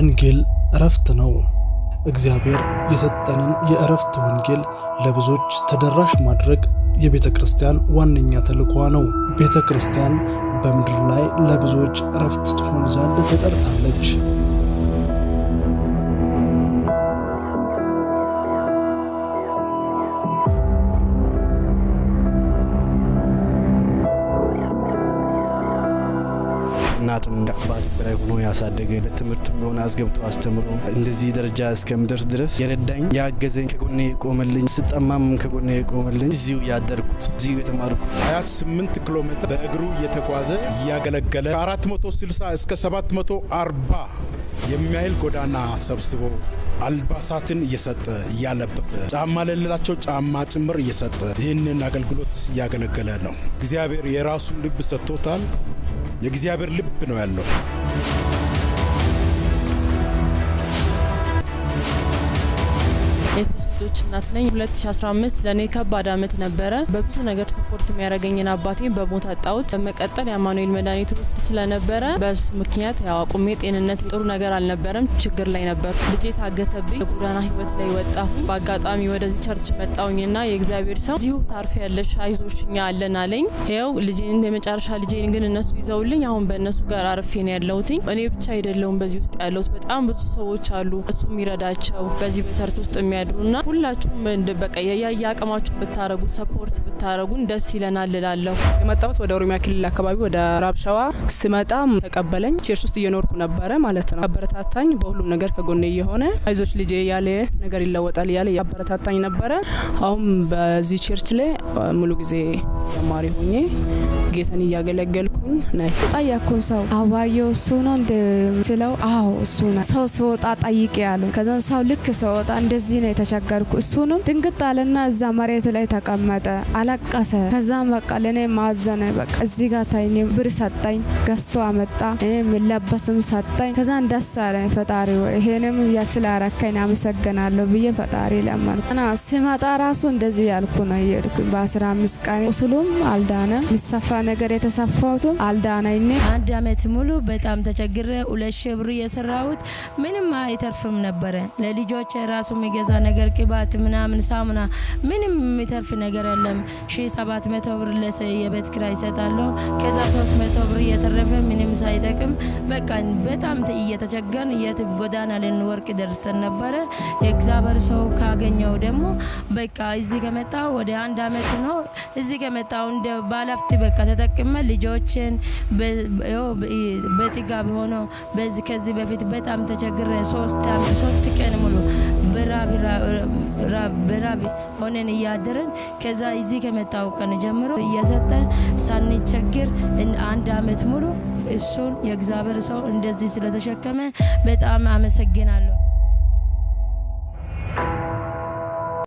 ወንጌል እረፍት ነው። እግዚአብሔር የሰጠንን የእረፍት ወንጌል ለብዙዎች ተደራሽ ማድረግ የቤተ ክርስቲያን ዋነኛ ተልኳ ነው። ቤተ ክርስቲያን በምድር ላይ ለብዙዎች እረፍት ትሆን ዘንድ ተጠርታለች። እናትም ከአባት በላይ ሆኖ ያሳደገ ለትምህርት ሆነ አስገብቶ አስተምሮ እንደዚህ ደረጃ እስከምደርስ ድረስ የረዳኝ ያገዘኝ፣ ከጎኔ የቆመልኝ፣ ስጠማም ከጎኔ የቆመልኝ፣ እዚሁ ያደርኩት እዚሁ የተማርኩት 28 ኪሎ ሜትር በእግሩ እየተጓዘ እያገለገለ ከ460 እስከ 740 የሚያህል ጎዳና ሰብስቦ አልባሳትን እየሰጠ እያለበሰ ጫማ ለሌላቸው ጫማ ጭምር እየሰጠ ይህንን አገልግሎት እያገለገለ ነው። እግዚአብሔር የራሱን ልብ ሰጥቶታል። የእግዚአብሔር ልብ ነው ያለው። ልጆች እናት ነኝ። 2015 ለእኔ ከባድ አመት ነበረ። በብዙ ነገር ሰፖርት የሚያደርገኝን አባቴ በሞት አጣሁት። በመቀጠል የአማኑኤል መድኃኒት ውስጥ ስለነበረ በእሱ ምክንያት ያው አቁሜ ጤንነት ጥሩ ነገር አልነበረም፣ ችግር ላይ ነበር። ልጄ ታገተብኝ፣ የጎዳና ህይወት ላይ ወጣሁ። በአጋጣሚ ወደዚህ ቸርች መጣውኝና የእግዚአብሔር ሰው እዚሁ ታርፍ ያለሽ አይዞሽ፣ እኛ አለን አለኝ። ይኸው ልጄን የመጨረሻ ልጄን ግን እነሱ ይዘውልኝ አሁን በእነሱ ጋር አርፌ ነው ያለሁትኝ። እኔ ብቻ አይደለውም በዚህ ውስጥ ያለሁት፣ በጣም ብዙ ሰዎች አሉ እሱ የሚረዳቸው በዚህ በቸርች ውስጥ የሚያድሩና ሁላችሁም በቃ የየ አቅማችሁ ብታረጉ ሰፖርት ብታረጉን ደስ ይለናል እላለሁ። የመጣሁት ወደ ኦሮሚያ ክልል አካባቢ ወደ ራብሸዋ ስመጣ ተቀበለኝ። ቸርች ውስጥ እየኖርኩ ነበረ ማለት ነው። አበረታታኝ፣ በሁሉም ነገር ከጎኔ የሆነ አይዞች ልጅ ያለ ነገር ይለወጣል ያለ አበረታታኝ ነበረ። አሁን በዚህ ቸርች ላይ ሙሉ ጊዜ ተማሪ ሆኜ ጌተን እያገለገልኩኝ ናይ ጠየኩን። ሰው አባየው እሱ ነው እንደ ስለው፣ አዎ እሱ ነው ሰው ስወጣ ጠይቄ ያሉ ከዛን ሰው ልክ ስወጣ እንደዚህ ነው የተቸገሩ ነገርኩ። እሱንም ድንግጥ አለና እዛ መሬት ላይ ተቀመጠ፣ አለቀሰ። ከዛም በቃ ለእኔ ማዘነ። በቃ እዚህ ጋር ታይኔ ብር ሰጠኝ፣ ገዝቶ አመጣ፣ የሚለበስም ሰጠኝ። ከዛን ደስ አለኝ። ፈጣሪ ወይ ይሄንም ስላረከኝ አመሰግናለሁ ብዬ ፈጣሪ ለመን እና ሲመጣ ራሱ እንደዚህ ያልኩ ነው እየሄድኩ በአስራ አምስት ቀን ቁስሉም አልዳነ፣ የሚሰፋ ነገር የተሰፋውቱም አልዳነኝ። አንድ አመት ሙሉ በጣም ተቸግረ ሁለት ሺህ ብር የሰራሁት ምንም አይተርፍም ነበረ ለልጆች ራሱ የሚገዛ ነገር ቅቤ ቅባት ምናምን ሳሙና ምንም የሚተርፍ ነገር የለም። ሺ ሰባት መቶ ብር የቤት ክራይ ይሰጣለሁ። ከዛ ሶስት መቶ ብር እየተረፈ ምንም ሳይጠቅም በቃ በጣም እየተቸገን የት ጎዳና ልንወርቅ ደርሰን ነበረ። የእግዚአብሔር ሰው ካገኘው ደግሞ በቃ እዚህ ከመጣ ወደ አንድ አመት ነው። እዚህ ከመጣ እንደ ባለፍት በቃ ተጠቅመ ልጆችን በጥጋ ሆኖ ከዚህ በፊት በጣም ተቸግረ ሶስት ቀን ሙሉ ብራ ብራ በራብ ሆነን እያደረን ከዛ እዚህ ከመጣው ቀን ጀምሮ እየሰጠ ሳንቸግር አንድ አመት ሙሉ እሱን የእግዚአብሔር ሰው እንደዚህ ስለተሸከመ በጣም አመሰግናለሁ።